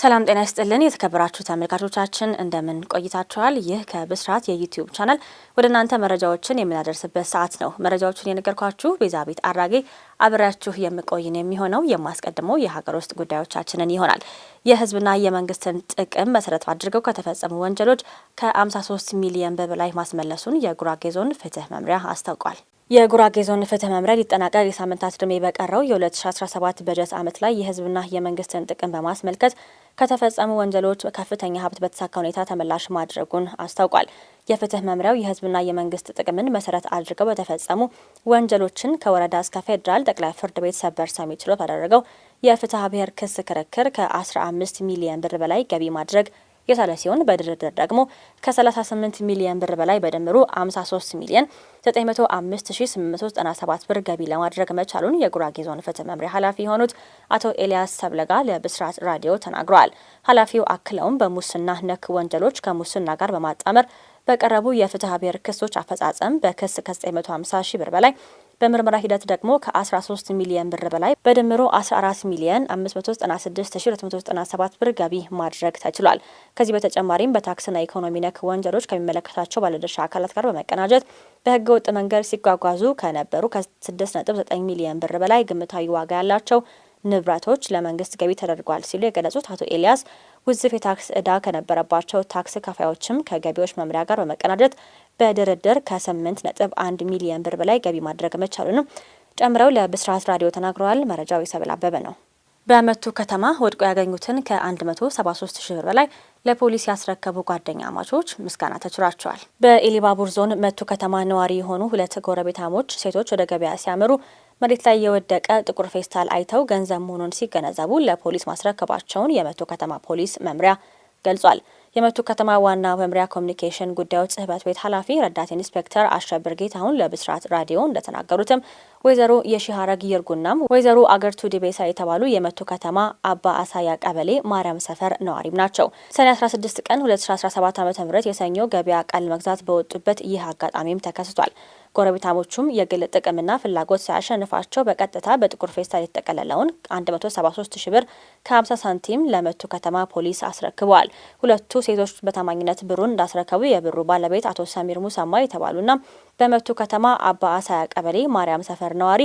ሰላም ጤና ይስጥልን የተከበራችሁ ተመልካቾቻችን እንደምን ቆይታችኋል? ይህ ከብስራት የዩቲዩብ ቻናል ወደ እናንተ መረጃዎችን የምናደርስበት ሰዓት ነው። መረጃዎቹን የነገርኳችሁ ቤዛቤት አራጌ አብሬያችሁ የምቆይን የሚሆነው የማስቀድመው የሀገር ውስጥ ጉዳዮቻችንን ይሆናል። የህዝብና የመንግስትን ጥቅም መሰረት አድርገው ከተፈጸሙ ወንጀሎች ከ53 ሚሊዮን ብር በላይ ማስመለሱን የጉራጌ ዞን ፍትህ መምሪያ አስታውቋል። የጉራጌ ዞን ፍትህ መምሪያ ሊጠናቀቅ የሳምንታት ዕድሜ በቀረው የ2017 በጀት ዓመት ላይ የህዝብና የመንግስትን ጥቅም በማስመልከት ከተፈጸሙ ወንጀሎች ከፍተኛ ሀብት በተሳካ ሁኔታ ተመላሽ ማድረጉን አስታውቋል። የፍትህ መምሪያው የህዝብና የመንግስት ጥቅምን መሰረት አድርገው በተፈጸሙ ወንጀሎችን ከወረዳ እስከ ፌዴራል ጠቅላይ ፍርድ ቤት ሰበር ሰሚ ችሎት ባደረገው የፍትሐ ብሔር ክስ ክርክር ከ15 ሚሊየን ብር በላይ ገቢ ማድረግ የቻለ ሲሆን በድርድር ደግሞ ከ38 ሚሊየን ብር በላይ በድምሩ 53 ሚሊየን 905897 ብር ገቢ ለማድረግ መቻሉን የጉራጌ ዞን ፍትህ መምሪያ ኃላፊ የሆኑት አቶ ኤልያስ ሰብለጋ ለብስራት ራዲዮ ተናግረዋል። ኃላፊው አክለውም በሙስና ነክ ወንጀሎች ከሙስና ጋር በማጣመር በቀረቡ የፍትሐ ብሔር ክሶች አፈጻጸም በክስ ከ950 ሺ ብር በላይ በምርመራ ሂደት ደግሞ ከ13 ሚሊዮን ብር በላይ በድምሮ 14 ሚሊየን 596297 ብር ገቢ ማድረግ ተችሏል። ከዚህ በተጨማሪም በታክስና ኢኮኖሚ ነክ ወንጀሎች ከሚመለከታቸው ባለድርሻ አካላት ጋር በመቀናጀት በህገ ወጥ መንገድ ሲጓጓዙ ከነበሩ ከ6.9 ሚሊዮን ብር በላይ ግምታዊ ዋጋ ያላቸው ንብረቶች ለመንግስት ገቢ ተደርጓል ሲሉ የገለጹት አቶ ኤልያስ ውዝፍ የታክስ ዕዳ ከነበረባቸው ታክስ ከፋዮችም ከገቢዎች መምሪያ ጋር በመቀናጀት በድርድር ከስምንት ነጥብ አንድ ሚሊየን ብር በላይ ገቢ ማድረግ መቻሉንም ጨምረው ለብስራት ራዲዮ ተናግረዋል። መረጃው የሰብል አበበ ነው። በመቱ ከተማ ወድቆ ያገኙትን ከ173 ሺህ ብር በላይ ለፖሊስ ያስረከቡ ጓደኛ አማቾች ምስጋና ተችሯቸዋል። በኢሊባቡር ዞን መቱ ከተማ ነዋሪ የሆኑ ሁለት ጎረቤታሞች ሴቶች ወደ ገበያ ሲያመሩ መሬት ላይ የወደቀ ጥቁር ፌስታል አይተው ገንዘብ መሆኑን ሲገነዘቡ ለፖሊስ ማስረከባቸውን የመቶ ከተማ ፖሊስ መምሪያ ገልጿል። የመቱ ከተማ ዋና መምሪያ ኮሚኒኬሽን ጉዳዮች ጽህፈት ቤት ኃላፊ ረዳት ኢንስፔክተር አሸብር ጌታሁን ለብስራት ራዲዮ እንደተናገሩትም ወይዘሮ የሺሃረግ ይርጉናም ወይዘሮ አገርቱ ዲቤሳ የተባሉ የመቱ ከተማ አባ አሳያ ቀበሌ ማርያም ሰፈር ነዋሪም ናቸው። ሰኔ 16 ቀን 2017 ዓ ም የሰኞ ገበያ ቃል መግዛት በወጡበት ይህ አጋጣሚም ተከስቷል። ጎረቤታሞቹም የግል ጥቅምና ፍላጎት ሳያሸንፋቸው በቀጥታ በጥቁር ፌስታል የተጠቀለለውን 173 ሺ ብር ከ50 ሳንቲም ለመቱ ከተማ ፖሊስ አስረክበዋል። ሁለቱ ሴቶች በታማኝነት ብሩን እንዳስረከቡ የብሩ ባለቤት አቶ ሰሚር ሙሰማ የተባሉና በመቱ ከተማ አባ አሳያ ቀበሌ ማርያም ሰፈር ሰፈር ነዋሪ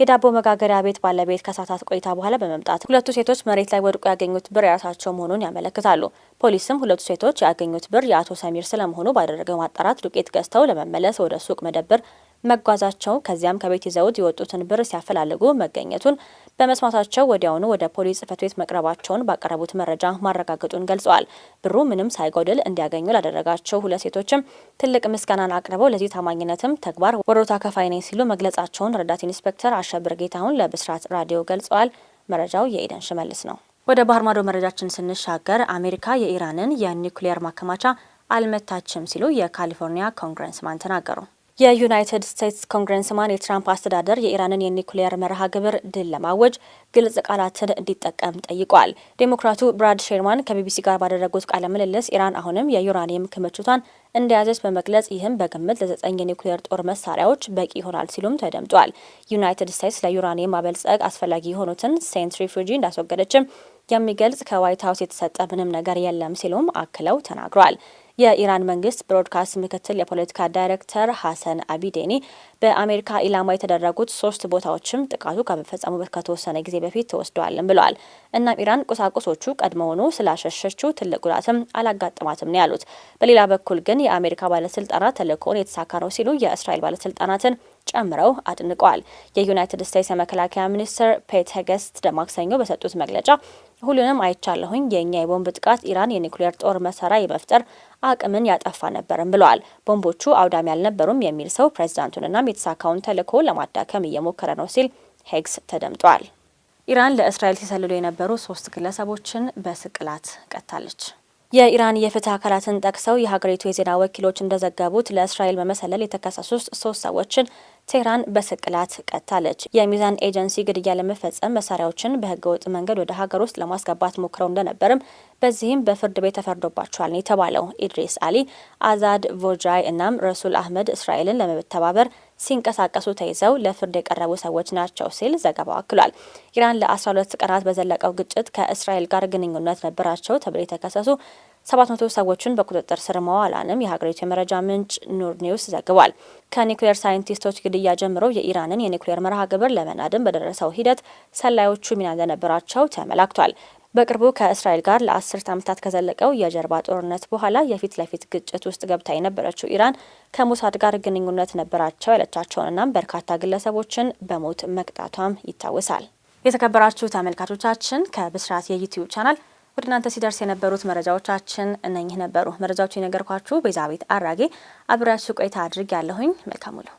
የዳቦ መጋገሪያ ቤት ባለቤት ከሰዓታት ቆይታ በኋላ በመምጣት ሁለቱ ሴቶች መሬት ላይ ወድቆ ያገኙት ብር የራሳቸው መሆኑን ያመለክታሉ። ፖሊስም ሁለቱ ሴቶች ያገኙት ብር የአቶ ሰሚር ስለመሆኑ ባደረገው ማጣራት ዱቄት ገዝተው ለመመለስ ወደ ሱቅ መደብር መጓዛቸው ከዚያም ከቤት ይዘውት የወጡትን ብር ሲያፈላልጉ መገኘቱን በመስማታቸው ወዲያውኑ ወደ ፖሊስ ጽፈት ቤት መቅረባቸውን ባቀረቡት መረጃ ማረጋገጡን ገልጸዋል። ብሩ ምንም ሳይጎድል እንዲያገኙ ላደረጋቸው ሁለት ሴቶችም ትልቅ ምስጋናን አቅርበው ለዚህ ታማኝነትም ተግባር ወሮታ ከፋይ ነኝ ሲሉ መግለጻቸውን ረዳት ኢንስፔክተር አሸብር ጌታሁን ለብስራት ራዲዮ ገልጸዋል። መረጃው የኢደን ሽመልስ ነው። ወደ ባህር ማዶ መረጃችን ስንሻገር አሜሪካ የኢራንን የኒውክሊየር ማከማቻ አልመታችም ሲሉ የካሊፎርኒያ ኮንግረስማን ተናገሩ። የዩናይትድ ስቴትስ ኮንግረስማን የትራምፕ አስተዳደር የኢራንን የኒውክሊየር መርሃ ግብር ድል ለማወጅ ግልጽ ቃላትን እንዲጠቀም ጠይቋል። ዴሞክራቱ ብራድ ሼርማን ከቢቢሲ ጋር ባደረጉት ቃለ ምልልስ ኢራን አሁንም የዩራኒየም ክምችቷን እንደያዘች በመግለጽ ይህም በግምት ለዘጠኝ የኒኩሊየር ጦር መሳሪያዎች በቂ ይሆናል ሲሉም ተደምጧል። ዩናይትድ ስቴትስ ለዩራኒየም ማበልጸግ አስፈላጊ የሆኑትን ሴንትሪፊውጂ እንዳስወገደችም የሚገልጽ ከዋይት ሀውስ የተሰጠ ምንም ነገር የለም ሲሉም አክለው ተናግሯል። የኢራን መንግስት ብሮድካስት ምክትል የፖለቲካ ዳይሬክተር ሀሰን አቢዴኒ በአሜሪካ ኢላማ የተደረጉት ሶስት ቦታዎችም ጥቃቱ ከመፈጸሙ ከተወሰነ ጊዜ በፊት ተወስደዋልም ብለዋል። እናም ኢራን ቁሳቁሶቹ ቀድሞውኑ ስላሸሸችው ትልቅ ጉዳትም አላጋጥማትም ነው ያሉት። በሌላ በኩል ግን የአሜሪካ ባለስልጣናት ተልእኮውን የተሳካ ነው ሲሉ የእስራኤል ባለስልጣናትን ጨምረው አድንቀዋል። የዩናይትድ ስቴትስ የመከላከያ ሚኒስትር ፔት ሄገስት ደማክሰኞ በሰጡት መግለጫ ሁሉንም አይቻለሁኝ። የእኛ የቦምብ ጥቃት ኢራን የኒውክሌር ጦር መሳሪያ የመፍጠር አቅምን ያጠፋ ነበርም ብለዋል። ቦምቦቹ አውዳሚ አልነበሩም የሚል ሰው ፕሬዚዳንቱንናም የተሳካውን ተልኮ ለማዳከም እየሞከረ ነው ሲል ሄግስ ተደምጧል። ኢራን ለእስራኤል ሲሰልሉ የነበሩ ሶስት ግለሰቦችን በስቅላት ቀጣለች። የኢራን የፍትህ አካላትን ጠቅሰው የሀገሪቱ የዜና ወኪሎች እንደዘገቡት ለእስራኤል በመሰለል የተከሰሱ ሶስት ሰዎችን ቴህራን በስቅላት ቀጣለች። የሚዛን ኤጀንሲ ግድያ ለመፈጸም መሳሪያዎችን በህገወጥ መንገድ ወደ ሀገር ውስጥ ለማስገባት ሞክረው እንደነበርም በዚህም በፍርድ ቤት ተፈርዶባቸዋል ነው የተባለው። ኢድሪስ አሊ፣ አዛድ ቮጃይ እናም ረሱል አህመድ እስራኤልን ለመተባበር ሲንቀሳቀሱ ተይዘው ለፍርድ የቀረቡ ሰዎች ናቸው ሲል ዘገባው አክሏል። ኢራን ለ12 ቀናት በዘለቀው ግጭት ከእስራኤል ጋር ግንኙነት ነበራቸው ተብሎ የተከሰሱ 700 ሰዎችን በቁጥጥር ስር መዋላንም የሀገሪቱ የመረጃ ምንጭ ኑር ኒውስ ዘግቧል። ከኒውክሌር ሳይንቲስቶች ግድያ ጀምሮ የኢራንን የኒውክሌር መርሃ ግብር ለመናድም በደረሰው ሂደት ሰላዮቹ ሚና እንደነበራቸው ተመላክቷል። በቅርቡ ከእስራኤል ጋር ለአስርት ዓመታት ከዘለቀው የጀርባ ጦርነት በኋላ የፊት ለፊት ግጭት ውስጥ ገብታ የነበረችው ኢራን ከሞሳድ ጋር ግንኙነት ነበራቸው ያለቻቸውንና በርካታ ግለሰቦችን በሞት መቅጣቷም ይታወሳል። የተከበራችሁ ተመልካቾቻችን ከብስራት የዩትዩብ ቻናል ወደ እናንተ ሲደርስ የነበሩት መረጃዎቻችን እነኚህ ነበሩ። መረጃዎቹ የነገርኳችሁ ቤዛቤት አራጌ አብሬያችሁ ቆይታ አድርግ ያለሁኝ መልካም ውሎ